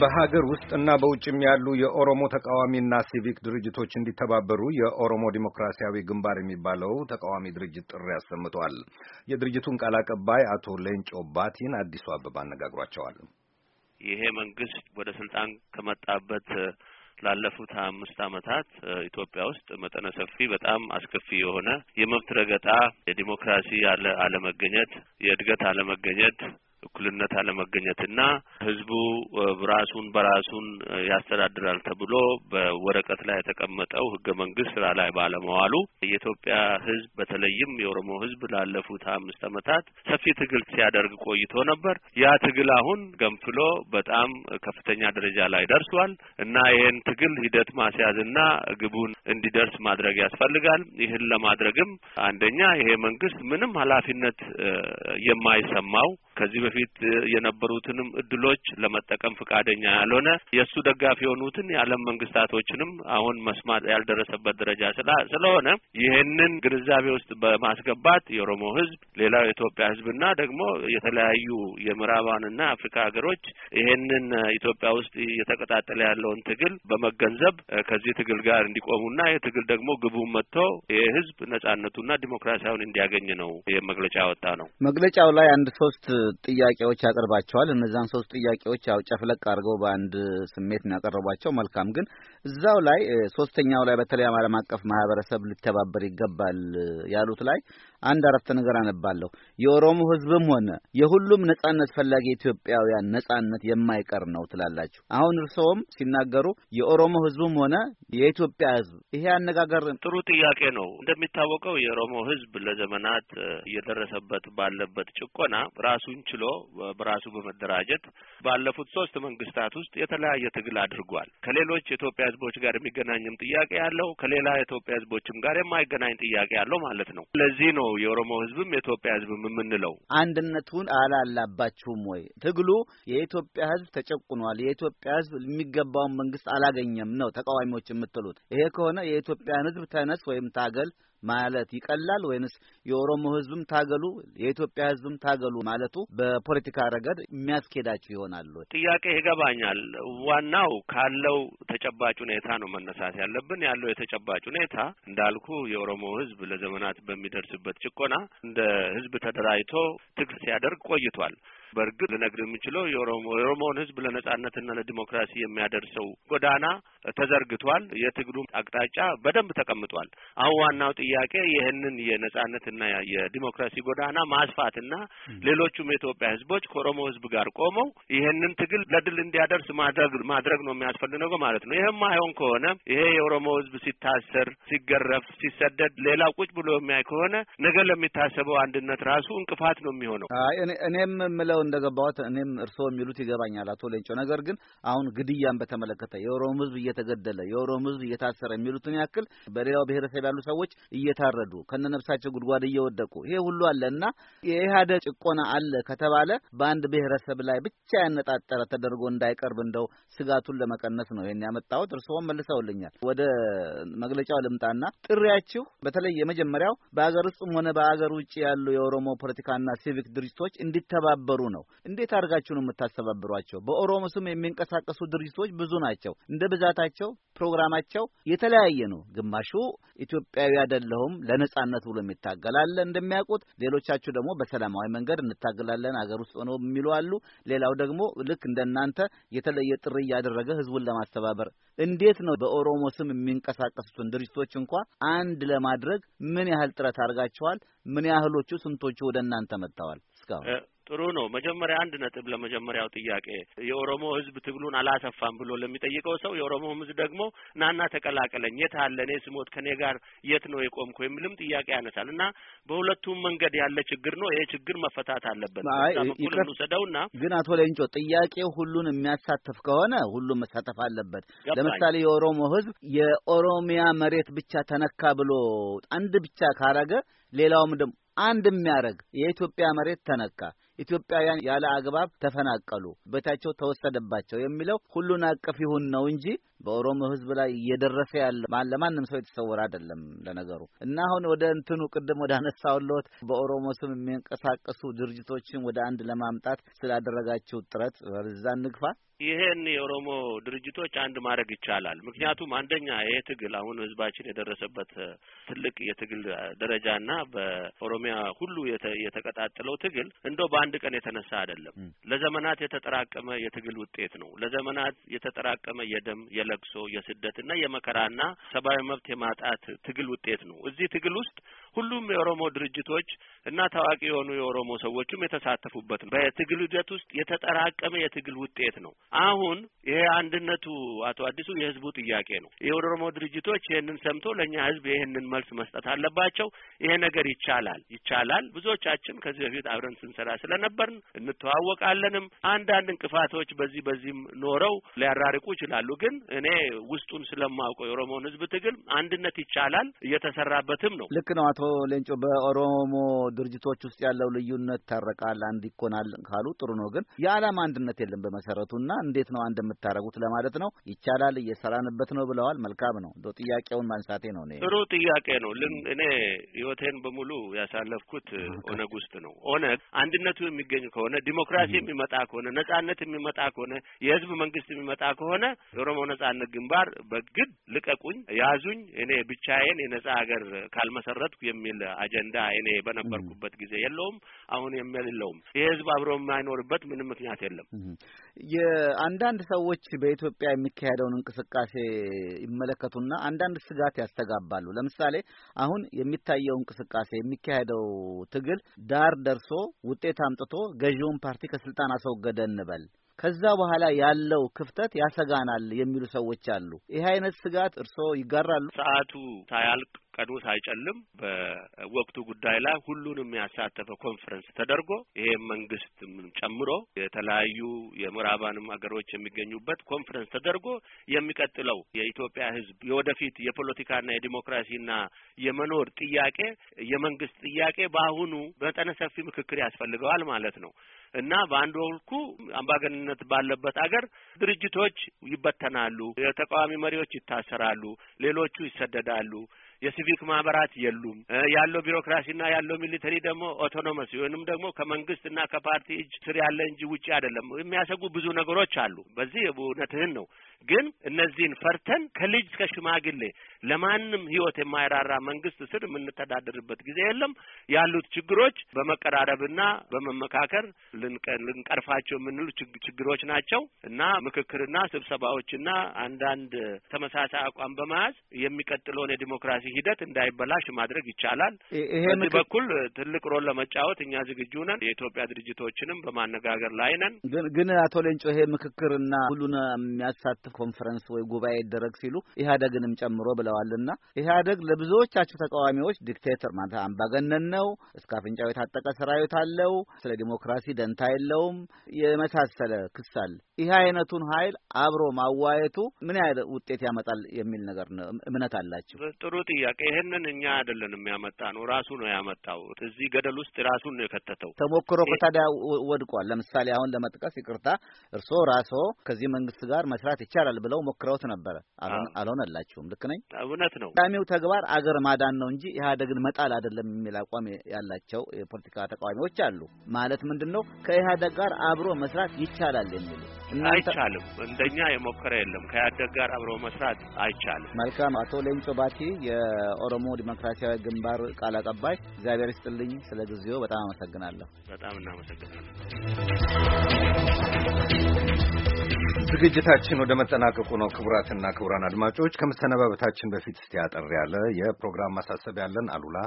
በሀገር ውስጥና በውጭም ያሉ የኦሮሞ ተቃዋሚና ሲቪክ ድርጅቶች እንዲተባበሩ የኦሮሞ ዲሞክራሲያዊ ግንባር የሚባለው ተቃዋሚ ድርጅት ጥሪ አሰምቷል። የድርጅቱን ቃል አቀባይ አቶ ሌንጮ ባቲን አዲሱ አበባ አነጋግሯቸዋል። ይሄ መንግስት ወደ ስልጣን ከመጣበት ላለፉት አምስት አመታት ኢትዮጵያ ውስጥ መጠነ ሰፊ በጣም አስከፊ የሆነ የመብት ረገጣ፣ የዲሞክራሲ አለመገኘት፣ የእድገት አለመገኘት እኩልነት አለመገኘትና ህዝቡ ራሱን በራሱን ያስተዳድራል ተብሎ በወረቀት ላይ የተቀመጠው ህገ መንግስት ስራ ላይ ባለመዋሉ የኢትዮጵያ ህዝብ በተለይም የኦሮሞ ህዝብ ላለፉት አምስት ዓመታት ሰፊ ትግል ሲያደርግ ቆይቶ ነበር። ያ ትግል አሁን ገንፍሎ በጣም ከፍተኛ ደረጃ ላይ ደርሷል እና ይህን ትግል ሂደት ማስያዝና ግቡን እንዲደርስ ማድረግ ያስፈልጋል። ይህን ለማድረግም አንደኛ ይሄ መንግስት ምንም ኃላፊነት የማይሰማው ከዚህ በፊት የነበሩትንም እድሎች ለመጠቀም ፈቃደኛ ያልሆነ የእሱ ደጋፊ የሆኑትን የዓለም መንግስታቶችንም አሁን መስማት ያልደረሰበት ደረጃ ስለሆነ ይህንን ግንዛቤ ውስጥ በማስገባት የኦሮሞ ህዝብ፣ ሌላው የኢትዮጵያ ህዝብና ደግሞ የተለያዩ የምዕራባንና አፍሪካ ሀገሮች ይህንን ኢትዮጵያ ውስጥ እየተቀጣጠለ ያለውን ትግል በመገንዘብ ከዚህ ትግል ጋር እንዲቆሙና ትግል ደግሞ ግቡን መጥቶ የህዝብ ነጻነቱና ዲሞክራሲያውን እንዲያገኝ ነው መግለጫ ያወጣ ነው። መግለጫው ላይ አንድ ሶስት ጥያቄዎች ያቀርባቸዋል። እነዛን ሶስት ጥያቄዎች ያው ጨፍለቅ አድርገው በአንድ ስሜት ነው ያቀረቧቸው። መልካም ግን እዛው ላይ ሶስተኛው ላይ በተለይ ዓለም አቀፍ ማህበረሰብ ሊተባበር ይገባል ያሉት ላይ አንድ አረፍተ ነገር አነባለሁ። የኦሮሞ ህዝብም ሆነ የሁሉም ነጻነት ፈላጊ ኢትዮጵያውያን ነጻነት የማይቀር ነው ትላላችሁ። አሁን እርስዎም ሲናገሩ የኦሮሞ ህዝብም ሆነ የኢትዮጵያ ህዝብ ይሄ አነጋገር ጥሩ ጥያቄ ነው። እንደሚታወቀው የኦሮሞ ህዝብ ለዘመናት እየደረሰበት ባለበት ጭቆና ራሱን ችሎ በራሱ በመደራጀት ባለፉት ሶስት መንግስታት ውስጥ የተለያየ ትግል አድርጓል። ከሌሎች የኢትዮጵያ ህዝቦች ጋር የሚገናኝም ጥያቄ ያለው ከሌላ የኢትዮጵያ ህዝቦችም ጋር የማይገናኝ ጥያቄ ያለው ማለት ነው። ለዚህ ነው ነው የኦሮሞ ህዝብም የኢትዮጵያ ህዝብም የምንለው። አንድነቱን አላላባችሁም ወይ? ትግሉ የኢትዮጵያ ህዝብ ተጨቁኗል፣ የኢትዮጵያ ህዝብ የሚገባውን መንግስት አላገኘም ነው ተቃዋሚዎች የምትሉት። ይሄ ከሆነ የኢትዮጵያን ህዝብ ተነስ ወይም ታገል ማለት ይቀላል ወይንስ የኦሮሞ ህዝብም ታገሉ የኢትዮጵያ ህዝብም ታገሉ ማለቱ በፖለቲካ ረገድ የሚያስኬዳችሁ ይሆናሉ? ጥያቄ ይገባኛል። ዋናው ካለው ተጨባጭ ሁኔታ ነው መነሳት ያለብን። ያለው የተጨባጭ ሁኔታ እንዳልኩ የኦሮሞ ህዝብ ለዘመናት በሚደርስበት ጭቆና እንደ ህዝብ ተደራጅቶ ትግል ሲያደርግ ቆይቷል። በእርግጥ ልነግር የምችለው የኦሮሞ የኦሮሞውን ህዝብ ለነጻነትና ለዲሞክራሲ የሚያደርሰው ጎዳና ተዘርግቷል። የትግሉ አቅጣጫ በደንብ ተቀምጧል። አሁን ዋናው ጥያቄ ይህንን የነጻነትና የዲሞክራሲ ጎዳና ማስፋትና ሌሎቹም የኢትዮጵያ ህዝቦች ከኦሮሞ ህዝብ ጋር ቆመው ይህንን ትግል ለድል እንዲያደርስ ማድረግ ማድረግ ነው የሚያስፈልገው ማለት ነው። ይህም አይሆን ከሆነ ይሄ የኦሮሞ ህዝብ ሲታሰር፣ ሲገረፍ፣ ሲሰደድ ሌላው ቁጭ ብሎ የሚያይ ከሆነ ነገ ለሚታሰበው አንድነት ራሱ እንቅፋት ነው የሚሆነው። እኔም የምለው እንደገባሁት እኔም እርስዎ የሚሉት ይገባኛል አቶ ሌንጮ። ነገር ግን አሁን ግድያን በተመለከተ የኦሮሞ ህዝብ እየተገደለ የኦሮሞ ህዝብ እየታሰረ የሚሉትን ያክል በሌላው ብሔረሰብ ያሉ ሰዎች እየታረዱ ከነነብሳቸው ጉድጓድ እየወደቁ ይሄ ሁሉ አለ እና የኢህአዴግ ጭቆና አለ ከተባለ በአንድ ብሔረሰብ ላይ ብቻ ያነጣጠረ ተደርጎ እንዳይቀርብ እንደው ስጋቱን ለመቀነስ ነው ይህን ያመጣሁት። እርስዎም መልሰውልኛል። ወደ መግለጫው ልምጣና ጥሪያችሁ በተለይ የመጀመሪያው በሀገር ውስጥም ሆነ በሀገር ውጭ ያሉ የኦሮሞ ፖለቲካና ሲቪክ ድርጅቶች እንዲተባበሩ ነው። እንዴት አድርጋችሁ ነው የምታስተባብሯቸው? በኦሮሞ ስም የሚንቀሳቀሱ ድርጅቶች ብዙ ናቸው። እንደ ብዛታቸው ፕሮግራማቸው የተለያየ ነው። ግማሹ ኢትዮጵያዊ አይደለሁም ለነጻነት ብሎ የሚታገላለ እንደሚያውቁት። ሌሎቻችሁ ደግሞ በሰላማዊ መንገድ እንታገላለን አገር ውስጥ ሆነው የሚሉ አሉ። ሌላው ደግሞ ልክ እንደናንተ የተለየ ጥሪ እያደረገ ህዝቡን ለማስተባበር እንዴት ነው በኦሮሞ ስም የሚንቀሳቀሱትን ድርጅቶች እንኳ አንድ ለማድረግ ምን ያህል ጥረት አድርጋችኋል? ምን ያህሎቹ ስንቶቹ ወደ እናንተ መጥተዋል እስካሁን? ጥሩ ነው። መጀመሪያ አንድ ነጥብ ለመጀመሪያው ጥያቄ የኦሮሞ ህዝብ ትግሉን አላሰፋም ብሎ ለሚጠይቀው ሰው የኦሮሞ ህዝብ ደግሞ ናና ተቀላቀለኝ፣ የት አለ እኔ ስሞት ከኔ ጋር የት ነው የቆምኩ የሚልም ጥያቄ ያነሳል እና በሁለቱም መንገድ ያለ ችግር ነው። ይሄ ችግር መፈታት አለበት። እንውሰደውና ግን አቶ ሌንጮ ጥያቄው ሁሉን የሚያሳተፍ ከሆነ ሁሉም መሳተፍ አለበት። ለምሳሌ የኦሮሞ ህዝብ የኦሮሚያ መሬት ብቻ ተነካ ብሎ አንድ ብቻ ካረገ ሌላውም ደግሞ አንድ የሚያደርግ የኢትዮጵያ መሬት ተነካ ኢትዮጵያውያን ያለ አግባብ ተፈናቀሉ፣ ቤታቸው ተወሰደባቸው የሚለው ሁሉን አቀፍ ይሁን ነው እንጂ በኦሮሞ ህዝብ ላይ እየደረሰ ያለ ለማንም ሰው የተሰወረ አይደለም ለነገሩ እና አሁን ወደ እንትኑ ቅድም ወደ አነሳውለት በኦሮሞ ስም የሚንቀሳቀሱ ድርጅቶችን ወደ አንድ ለማምጣት ስላደረጋችሁ ጥረት በዛ ንግፋ ይሄን የኦሮሞ ድርጅቶች አንድ ማድረግ ይቻላል። ምክንያቱም አንደኛ ይሄ ትግል አሁን ህዝባችን የደረሰበት ትልቅ የትግል ደረጃና በኦሮሚያ ሁሉ የተቀጣጠለው ትግል እንደው በአንድ ቀን የተነሳ አይደለም። ለዘመናት የተጠራቀመ የትግል ውጤት ነው። ለዘመናት የተጠራቀመ የደም የለ የለቅሶ የስደትና የመከራና ሰብአዊ መብት የማጣት ትግል ውጤት ነው። እዚህ ትግል ውስጥ ሁሉም የኦሮሞ ድርጅቶች እና ታዋቂ የሆኑ የኦሮሞ ሰዎችም የተሳተፉበት ነው። በትግል ሂደት ውስጥ የተጠራቀመ የትግል ውጤት ነው። አሁን ይሄ አንድነቱ አቶ አዲሱ የህዝቡ ጥያቄ ነው። የኦሮሞ ድርጅቶች ይህንን ሰምቶ ለእኛ ህዝብ ይህንን መልስ መስጠት አለባቸው። ይሄ ነገር ይቻላል ይቻላል። ብዙዎቻችን ከዚህ በፊት አብረን ስንሰራ ስለነበርን እንተዋወቃለንም። አንዳንድ እንቅፋቶች በዚህ በዚህም ኖረው ሊያራርቁ ይችላሉ። ግን እኔ ውስጡን ስለማውቀው የኦሮሞውን ህዝብ ትግል አንድነት ይቻላል እየተሰራበትም ነው። ልክ ነው አቶ ሌንጮ። በኦሮሞ ድርጅቶች ውስጥ ያለው ልዩነት ታረቃል፣ አንድ ይኮናል ካሉ ጥሩ ነው። ግን የዓላማ አንድነት የለም በመሰረቱ እና እንዴት ነው አንድ የምታደርጉት ለማለት ነው። ይቻላል እየሰራንበት ነው ብለዋል። መልካም ነው። እንደ ጥያቄውን ማንሳቴ ነው። እኔ ጥሩ ጥያቄ ነው። እኔ ህይወቴን በሙሉ ያሳለፍኩት ኦነግ ውስጥ ነው። ኦነግ አንድነቱ የሚገኝ ከሆነ ዲሞክራሲ የሚመጣ ከሆነ ነጻነት የሚመጣ ከሆነ የህዝብ መንግስት የሚመጣ ከሆነ የኦሮሞ ነጻ ነጻነት ግንባር በግድ ልቀቁኝ፣ ያዙኝ፣ እኔ ብቻዬን የነጻ ሀገር ካልመሰረትኩ የሚል አጀንዳ እኔ በነበርኩበት ጊዜ የለውም፣ አሁን የለውም። የህዝብ አብሮ የማይኖርበት ምንም ምክንያት የለም። የአንዳንድ ሰዎች በኢትዮጵያ የሚካሄደውን እንቅስቃሴ ይመለከቱና አንዳንድ ስጋት ያስተጋባሉ። ለምሳሌ አሁን የሚታየው እንቅስቃሴ የሚካሄደው ትግል ዳር ደርሶ ውጤት አምጥቶ ገዢውን ፓርቲ ከስልጣን አስወገደ እንበል ከዛ በኋላ ያለው ክፍተት ያሰጋናል የሚሉ ሰዎች አሉ። ይህ አይነት ስጋት እርስዎ ይጋራሉ? ሰዓቱ ሳያልቅ ቀኑ ሳይጨልም በወቅቱ ጉዳይ ላይ ሁሉንም ያሳተፈ ኮንፈረንስ ተደርጎ ይሄ መንግስት ጨምሮ የተለያዩ የምዕራባንም ሀገሮች የሚገኙበት ኮንፈረንስ ተደርጎ የሚቀጥለው የኢትዮጵያ ህዝብ የወደፊት የፖለቲካና የዲሞክራሲና የመኖር ጥያቄ የመንግስት ጥያቄ በአሁኑ መጠነ ሰፊ ምክክር ያስፈልገዋል ማለት ነው እና በአንድ ወልኩ አምባገንነት ባለበት አገር ድርጅቶች ይበተናሉ፣ የተቃዋሚ መሪዎች ይታሰራሉ፣ ሌሎቹ ይሰደዳሉ። የሲቪክ ማህበራት የሉም። ያለው ቢሮክራሲና ያለው ሚሊተሪ ደግሞ ኦቶኖመስ ወይንም ደግሞ ከመንግስትና ከፓርቲ እጅ ስር ያለ እንጂ ውጭ አይደለም። የሚያሰጉ ብዙ ነገሮች አሉ። በዚህ እውነትህን ነው። ግን እነዚህን ፈርተን ከልጅ እስከ ሽማግሌ ለማንም ህይወት የማይራራ መንግስት ስር የምንተዳደርበት ጊዜ የለም። ያሉት ችግሮች በመቀራረብና በመመካከር ልንቀርፋቸው የምንሉ ችግሮች ናቸው እና ምክክርና ስብሰባዎችና አንዳንድ ተመሳሳይ አቋም በመያዝ የሚቀጥለውን የዲሞክራሲ ሂደት እንዳይበላሽ ማድረግ ይቻላል። በዚህ በኩል ትልቅ ሮል ለመጫወት እኛ ዝግጁ ነን። የኢትዮጵያ ድርጅቶችንም በማነጋገር ላይ ነን። ግን አቶ ሌንጮ ይሄ ምክክርና ሁሉን የሚያሳትፍ ኮንፈረንስ ወይ ጉባኤ ይደረግ ሲሉ ኢህአደግንም ጨምሮ ብለዋልና ኢህአደግ ለብዙዎቻቸው ተቃዋሚዎች ዲክቴተር ማለት አምባገነን ነው፣ እስከ አፍንጫው የታጠቀ ሰራዊት አለው፣ ስለ ዲሞክራሲ ደንታ የለውም የመሳሰለ ክስ አለ። ይህ አይነቱን ኃይል አብሮ ማዋየቱ ምን ያህል ውጤት ያመጣል የሚል ነገር ነው። እምነት አላቸው። ጥሩ ጥያቄ። ይህንን እኛ አይደለንም ያመጣ ነው፣ ራሱ ነው ያመጣው። እዚህ ገደል ውስጥ ራሱን ነው የከተተው። ተሞክሮ ከታዲያ ወድቋል። ለምሳሌ አሁን ለመጥቀስ ይቅርታ፣ እርስዎ ራስዎ ከዚህ መንግስት ጋር መስራት ይቻላል ብለው ሞክረውት ነበረ። አልሆነላችሁም። ልክ ነኝ? እውነት ነው። ቀዳሚው ተግባር አገር ማዳን ነው እንጂ ኢህአዴግን መጣል አይደለም የሚል አቋም ያላቸው የፖለቲካ ተቃዋሚዎች አሉ። ማለት ምንድን ነው? ከኢህአዴግ ጋር አብሮ መስራት ይቻላል የሚሉ አይቻልም። እንደኛ የሞከረ የለም። ከኢህአዴግ ጋር አብሮ መስራት አይቻልም። መልካም። አቶ ሌንጮ ባቲ የኦሮሞ ዲሞክራሲያዊ ግንባር ቃል አቀባይ፣ እግዚአብሔር ይስጥልኝ። ስለ ጊዜው በጣም አመሰግናለሁ። በጣም እናመሰግናለን። ዝግጅታችን ወደ መጠናቀቁ ነው። ክቡራትና ክቡራን አድማጮች ከመሰነባበታችን በፊት እስቲ አጠር ያለ የፕሮግራም ማሳሰብ ያለን አሉላ